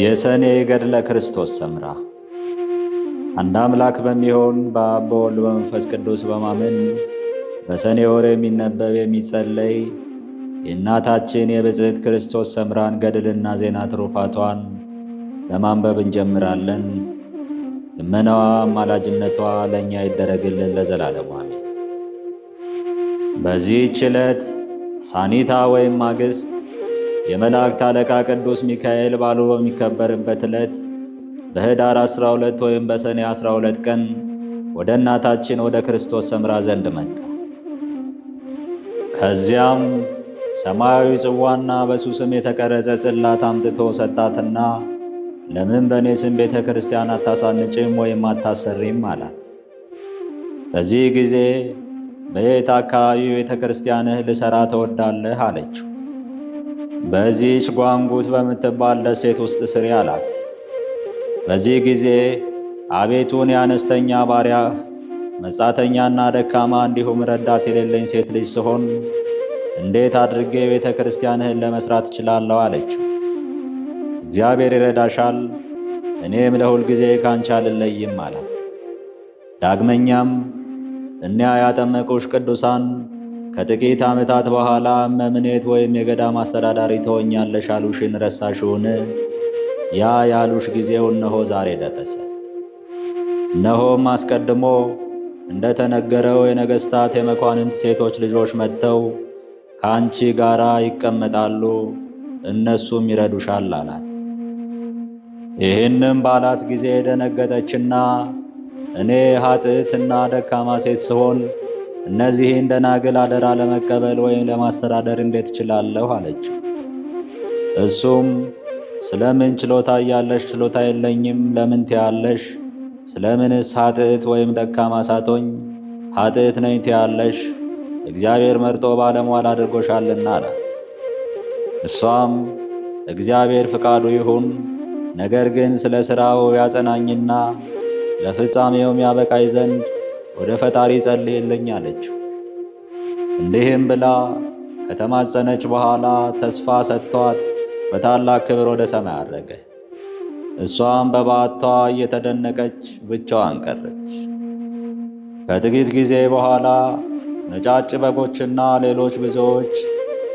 የሰኔ ገድለ ክርስቶስ ሰምራ። አንድ አምላክ በሚሆን በአብ በወልድ በመንፈስ ቅዱስ በማመን በሰኔ ወር የሚነበብ የሚጸለይ የእናታችን የብጽሕት ክርስቶስ ሰምራን ገድልና ዜና ትሩፋቷን ለማንበብ እንጀምራለን። ልመናዋ አማላጅነቷ ለእኛ ይደረግልን ለዘላለሙ አሜን። በዚህች ዕለት ሳኒታ ወይም ማግስት የመላእክት አለቃ ቅዱስ ሚካኤል በዓሉ በሚከበርበት ዕለት በኅዳር 12 ወይም በሰኔ 12 ቀን ወደ እናታችን ወደ ክርስቶስ ሰምራ ዘንድ መጣ። ከዚያም ሰማያዊ ጽዋና ስም የተቀረጸ ጽላት አምጥቶ ሰጣትና ለምን በእኔ ስም ቤተ ክርስቲያን አታሳንጭም ወይም አታሰሪም አላት። በዚህ ጊዜ በየት አካባቢ ቤተ ክርስቲያንህ ልሠራ ትወዳለህ አለችው። በዚህች ጓንጉት በምትባል ደሴት ውስጥ ስሪ አላት። በዚህ ጊዜ አቤቱን የአነስተኛ ባሪያ መጻተኛና ደካማ እንዲሁም ረዳት የሌለኝ ሴት ልጅ ስሆን እንዴት አድርጌ ቤተ ክርስቲያንህን ለመስራት እችላለሁ? አለችው። እግዚአብሔር ይረዳሻል፣ እኔም ለሁል ጊዜ ካንቺ አልለይም አላት። ዳግመኛም እኒያ ያጠመቁሽ ቅዱሳን ከጥቂት ዓመታት በኋላ መምኔት ወይም የገዳም አስተዳዳሪ ትሆኛለሽ አሉሽን ረሳሽውን? ያ ያሉሽ ጊዜው እነሆ ዛሬ ደረሰ። እነሆም አስቀድሞ እንደተነገረው የነገሥታት የመኳንንት ሴቶች ልጆች መጥተው ከአንቺ ጋር ይቀመጣሉ፣ እነሱም ይረዱሻል አላት። ይህንም ባላት ጊዜ ደነገጠችና እኔ ኃጥእትና ደካማ ሴት ስሆን እነዚህን ደናግል አደራ ለመቀበል ወይም ለማስተዳደር እንዴት እችላለሁ? አለችው። እሱም ስለምን ችሎታ እያለሽ ችሎታ የለኝም ለምን ትያለሽ? ስለምንስ ኃጥእት ወይም ደካማ ሳቶኝ ኃጥእት ነኝ ትያለሽ? እግዚአብሔር መርጦ ባለሟል አድርጎሻልና አላት። እሷም እግዚአብሔር ፍቃዱ ይሁን፣ ነገር ግን ስለ ሥራው ያጸናኝና ለፍጻሜውም ያበቃይ ዘንድ ወደ ፈጣሪ ጸልይልኝ አለችው። እንዲህም ብላ ከተማጸነች በኋላ ተስፋ ሰጥቷት በታላቅ ክብር ወደ ሰማይ አረገ። እሷም በባቷ እየተደነቀች ብቻዋን ቀረች። ከጥቂት ጊዜ በኋላ ነጫጭ በጎችና ሌሎች ብዙዎች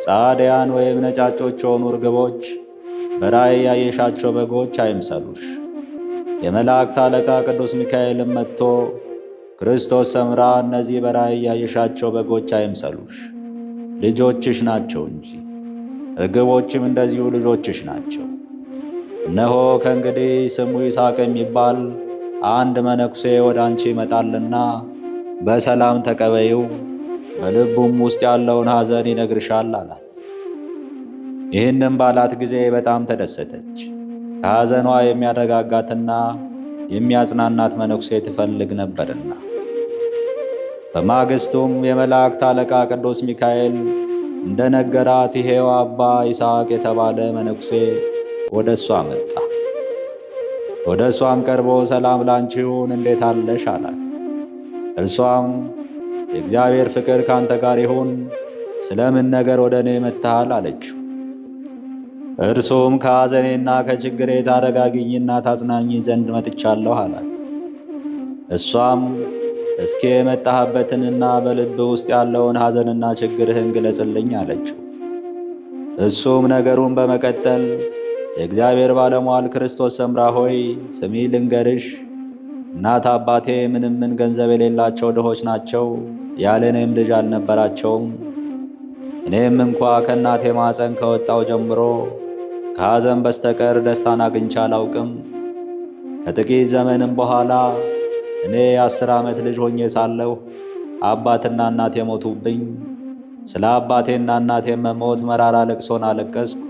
ጻድያን ወይም ነጫጮች የሆኑ እርግቦች በራእይ ያየሻቸው በጎች አይምሰሉሽ። የመላእክት አለቃ ቅዱስ ሚካኤልም መጥቶ ክርስቶስ ሰምራ እነዚህ በራእይ ያየሻቸው በጎች አይምሰሉሽ፣ ልጆችሽ ናቸው እንጂ። ርግቦችም እንደዚሁ ልጆችሽ ናቸው። እነሆ ከእንግዲህ ስሙ ይስሐቅ የሚባል አንድ መነኩሴ ወደ አንቺ ይመጣልና በሰላም ተቀበይው፣ በልቡም ውስጥ ያለውን ሐዘን ይነግርሻል አላት። ይህንም ባላት ጊዜ በጣም ተደሰተች። ከሐዘኗ የሚያረጋጋትና የሚያጽናናት መነኩሴ ትፈልግ ነበርና። በማግስቱም የመላእክት አለቃ ቅዱስ ሚካኤል እንደነገራት ይሄው አባ ይስሐቅ የተባለ መነኩሴ ወደ እሷ መጣ። ወደ እሷም ቀርቦ ሰላም ላንቺ ይሁን፣ እንዴት አለሽ አላት። እርሷም የእግዚአብሔር ፍቅር ካንተ ጋር ይሁን፣ ስለምን ነገር ወደ እኔ መጥተሃል አለችው። እርሱም ከሐዘኔና ከችግሬ ታረጋግኝና ታጽናኝ ዘንድ መጥቻለሁ አላት። እሷም እስኪ የመጣህበትንና በልብ ውስጥ ያለውን ሐዘንና ችግርህን ግለጽልኝ አለችው። እሱም ነገሩን በመቀጠል የእግዚአብሔር ባለሟል ክርስቶስ ሰምራ ሆይ ስሚ ልንገርሽ፣ እናት አባቴ ምንም ምን ገንዘብ የሌላቸው ድሆች ናቸው፣ ያለ እኔም ልጅ አልነበራቸውም። እኔም እንኳ ከእናቴ ማፀን ከወጣው ጀምሮ ከሐዘን በስተቀር ደስታን አግኝቼ አላውቅም። ከጥቂት ዘመንም በኋላ እኔ የአስር ዓመት ልጅ ሆኜ ሳለሁ አባትና እናቴ የሞቱብኝ። ስለ አባቴና እናቴ መሞት መራራ ልቅሶን አለቀስኩ።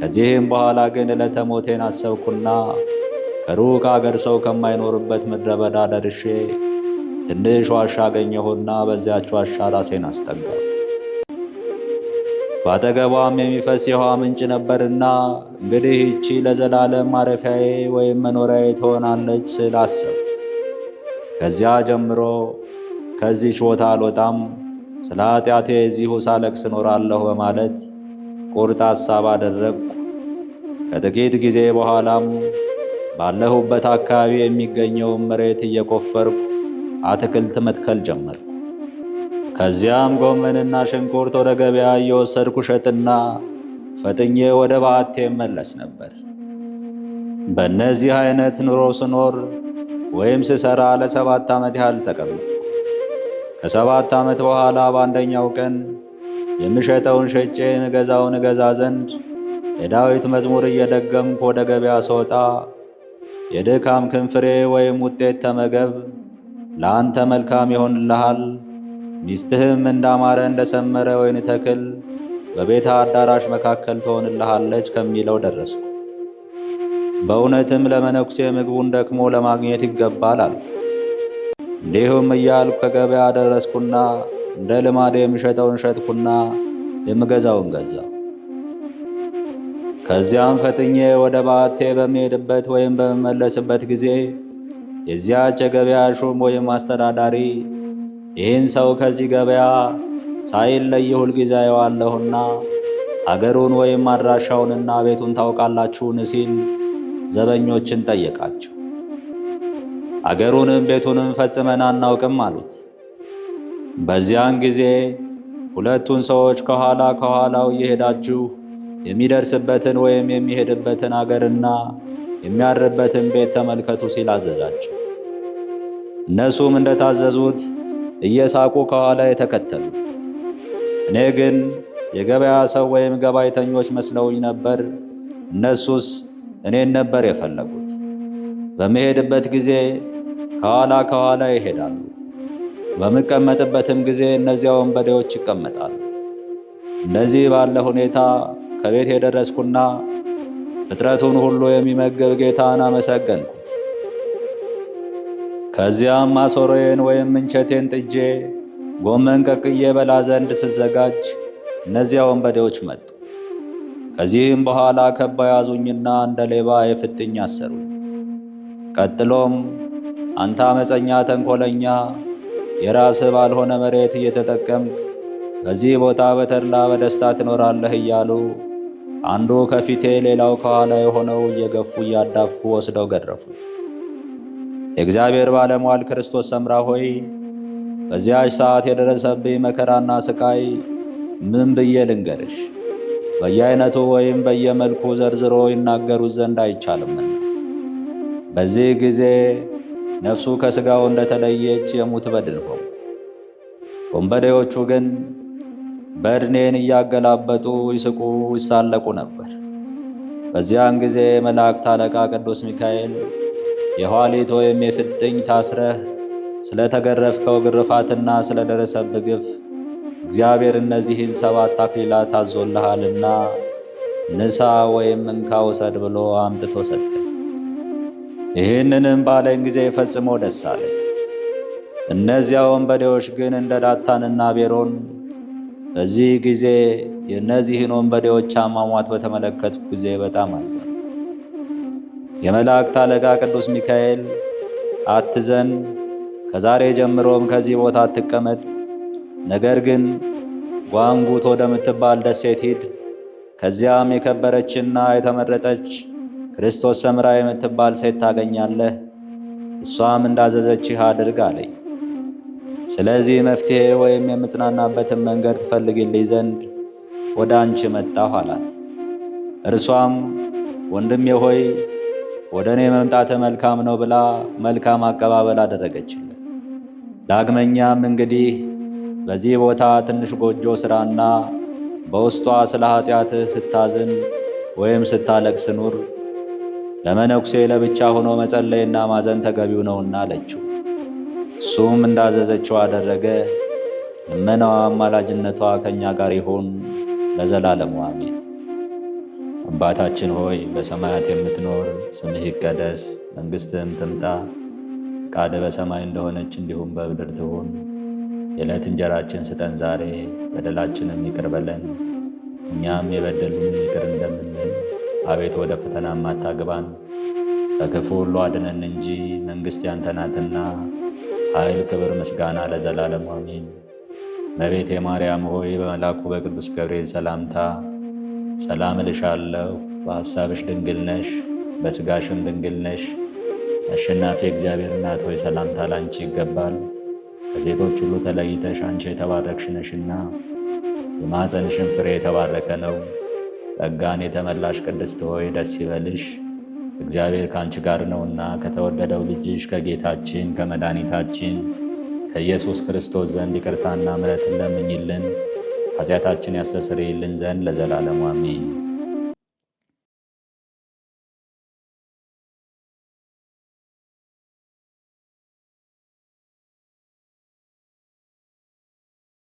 ከዚህም በኋላ ግን ዕለተ ሞቴን አሰብኩና ከሩቅ አገር ሰው ከማይኖርበት ምድረ በዳ ደርሼ ትንሽ ዋሻ አገኘሁና በዚያች ዋሻ ራሴን አስጠጋሁ። በአጠገቧም የሚፈስ የውሃ ምንጭ ነበርና እንግዲህ ይቺ ለዘላለም ማረፊያዬ ወይም መኖሪያዬ ትሆናለች ስል አሰብ። ከዚያ ጀምሮ ከዚች ቦታ አልወጣም፣ ስለ ኃጢአቴ እዚሁ ሳለቅስ እኖራለሁ በማለት ቁርጥ ሐሳብ አደረግኩ። ከጥቂት ጊዜ በኋላም ባለሁበት አካባቢ የሚገኘውን መሬት እየቆፈርኩ አትክልት መትከል ጀመር። ከዚያም ጎመንና ሽንኩርት ወደ ገበያ እየወሰድኩ ሸጥና ፈጥኜ ወደ ባቴ መለስ ነበር። በእነዚህ አይነት ኑሮ ስኖር ወይም ስሰራ ለሰባት ዓመት ያህል ተቀመጥኩ። ከሰባት ዓመት በኋላ በአንደኛው ቀን የምሸጠውን ሸጬ ንገዛውን እገዛ ዘንድ የዳዊት መዝሙር እየደገምኩ ወደ ገበያ ስወጣ የድካም ክንፍሬ ወይም ውጤት ተመገብ፣ ለአንተ መልካም ይሆንልሃል ሚስትህም እንዳማረ እንደሰመረ ወይን ተክል በቤተ አዳራሽ መካከል ትሆንልሃለች ከሚለው ደረስኩ። በእውነትም ለመነኩሴ ምግቡን ደክሞ ለማግኘት ይገባል አሉ። እንዲሁም እያልኩ ከገበያ ደረስኩና እንደ ልማድ የሚሸጠውን ሸጥኩና የምገዛውን ገዛ። ከዚያም ፈጥኜ ወደ ባቴ በሚሄድበት ወይም በምመለስበት ጊዜ የዚያች የገበያ ሹም ወይም አስተዳዳሪ ይህን ሰው ከዚህ ገበያ ሳይለይ ሁልጊዜ አየዋለሁና አገሩን ወይም አድራሻውንና ቤቱን ታውቃላችሁን? ሲል ዘበኞችን ጠየቃቸው። አገሩንም ቤቱንም ፈጽመን አናውቅም አሉት። በዚያን ጊዜ ሁለቱን ሰዎች ከኋላ ከኋላው እየሄዳችሁ የሚደርስበትን ወይም የሚሄድበትን አገርና የሚያርበትን ቤት ተመልከቱ ሲል አዘዛቸው። እነሱም እንደታዘዙት እየሳቁ ከኋላ የተከተሉ። እኔ ግን የገበያ ሰው ወይም ገባይተኞች መስለውኝ ነበር። እነሱስ እኔን ነበር የፈለጉት። በምሄድበት ጊዜ ከኋላ ከኋላ ይሄዳሉ። በምቀመጥበትም ጊዜ እነዚያ ወንበዴዎች ይቀመጣሉ። እንደዚህ ባለ ሁኔታ ከቤት የደረስኩና ፍጥረቱን ሁሉ የሚመግብ ጌታን አመሰገንኩት። ከዚያም ማሰሮዬን ወይም እንቸቴን ጥጄ ጎመን ቀቅዬ በላ ዘንድ ስዘጋጅ እነዚያ ወንበዴዎች መጡ። ከዚህም በኋላ ከባ ያዙኝና እንደ ሌባ የፍጥኝ አሰሩ። ቀጥሎም አንተ አመፀኛ ተንኮለኛ፣ የራስ ባልሆነ መሬት እየተጠቀምክ በዚህ ቦታ በተድላ በደስታ ትኖራለህ እያሉ አንዱ ከፊቴ ሌላው ከኋላ የሆነው እየገፉ እያዳፉ ወስደው ገረፉ። የእግዚአብሔር ባለሟል ክርስቶስ ሰምራ ሆይ በዚያች ሰዓት የደረሰብኝ መከራና ስቃይ ምን ብዬ ልንገርሽ? በየአይነቱ ወይም በየመልኩ ዘርዝሮ ይናገሩት ዘንድ አይቻልምና በዚህ ጊዜ ነፍሱ ከሥጋው እንደተለየች የሙት በድን ሆ ወንበዴዎቹ ግን በድኔን እያገላበጡ ይስቁ ይሳለቁ ነበር። በዚያን ጊዜ መላእክት አለቃ ቅዱስ ሚካኤል የኋሊት ወይም የፍጥኝ ታስረህ ስለተገረፍከው ግርፋትና ስለደረሰብህ ግፍ እግዚአብሔር እነዚህን ሰባት አክሊላት አዞልሃልና ንሳ ወይም እንካ ውሰድ ብሎ አምጥቶ ሰጠ። ይህንንም ባለኝ ጊዜ ፈጽሞ ደስ አለኝ። እነዚያ ወንበዴዎች ግን እንደ ዳታንና ቤሮን በዚህ ጊዜ የእነዚህን ወንበዴዎች አሟሟት በተመለከትኩ ጊዜ በጣም አዘ የመላእክት አለቃ ቅዱስ ሚካኤል አትዘን፣ ከዛሬ ጀምሮም ከዚህ ቦታ አትቀመጥ፣ ነገር ግን ጓንጉት ወደምትባል ደሴት ሂድ፣ ከዚያም የከበረችና የተመረጠች ክርስቶስ ሰምራ የምትባል ሴት ታገኛለህ፣ እሷም እንዳዘዘችህ አድርግ አለኝ። ስለዚህ መፍትሔ ወይም የምጽናናበትን መንገድ ትፈልግልኝ ዘንድ ወደ አንቺ መጣሁ አላት። እርሷም ወንድሜ ሆይ ወደ እኔ መምጣት መልካም ነው ብላ መልካም አቀባበል አደረገችለት። ዳግመኛም እንግዲህ በዚህ ቦታ ትንሽ ጎጆ ሥራና በውስጧ ስለ ኃጢአትህ ስታዝን ወይም ስታለቅስ ኑር። ለመነኩሴ ለብቻ ሆኖ መጸለይና ማዘን ተገቢው ነውና አለችው። እሱም እንዳዘዘችው አደረገ። ልመናዋ አማላጅነቷ ከእኛ ጋር ይሆን ለዘላለሙ አሜን። አባታችን ሆይ በሰማያት የምትኖር ስምህ ይቀደስ፣ መንግስትህም ትምጣ፣ ፈቃደ በሰማይ እንደሆነች እንዲሁም በምድር ትሁን። የዕለት እንጀራችን ስጠን ዛሬ፣ በደላችንም ይቅር በለን እኛም የበደሉን ይቅር እንደምንል፣ አቤት ወደ ፈተና አታግባን፣ በክፉ ሁሉ አድነን እንጂ መንግስት ያንተ ናትና፣ ኃይል፣ ክብር፣ ምስጋና ለዘላለም አሜን። እመቤቴ ማርያም ሆይ በመልአኩ በቅዱስ ገብርኤል ሰላምታ ሰላም እልሻለሁ፣ በሐሳብሽ ድንግል ነሽ፣ በሥጋሽም ድንግል ነሽ። አሸናፊ እግዚአብሔር እናት ሆይ ሰላምታ ላንቺ ይገባል። ከሴቶች ሁሉ ተለይተሽ አንቺ የተባረክሽ ነሽና የማኅፀንሽን ፍሬ የተባረከ ነው። ጸጋን የተመላሽ ቅድስት ሆይ ደስ ይበልሽ፣ እግዚአብሔር ከአንቺ ጋር ነውና ከተወደደው ልጅሽ ከጌታችን ከመድኃኒታችን ከኢየሱስ ክርስቶስ ዘንድ ይቅርታና ምሕረትን እንለምኝልን። ኃጢአታችን ያስተሰርይልን ዘንድ ለዘላለሙ አሜን።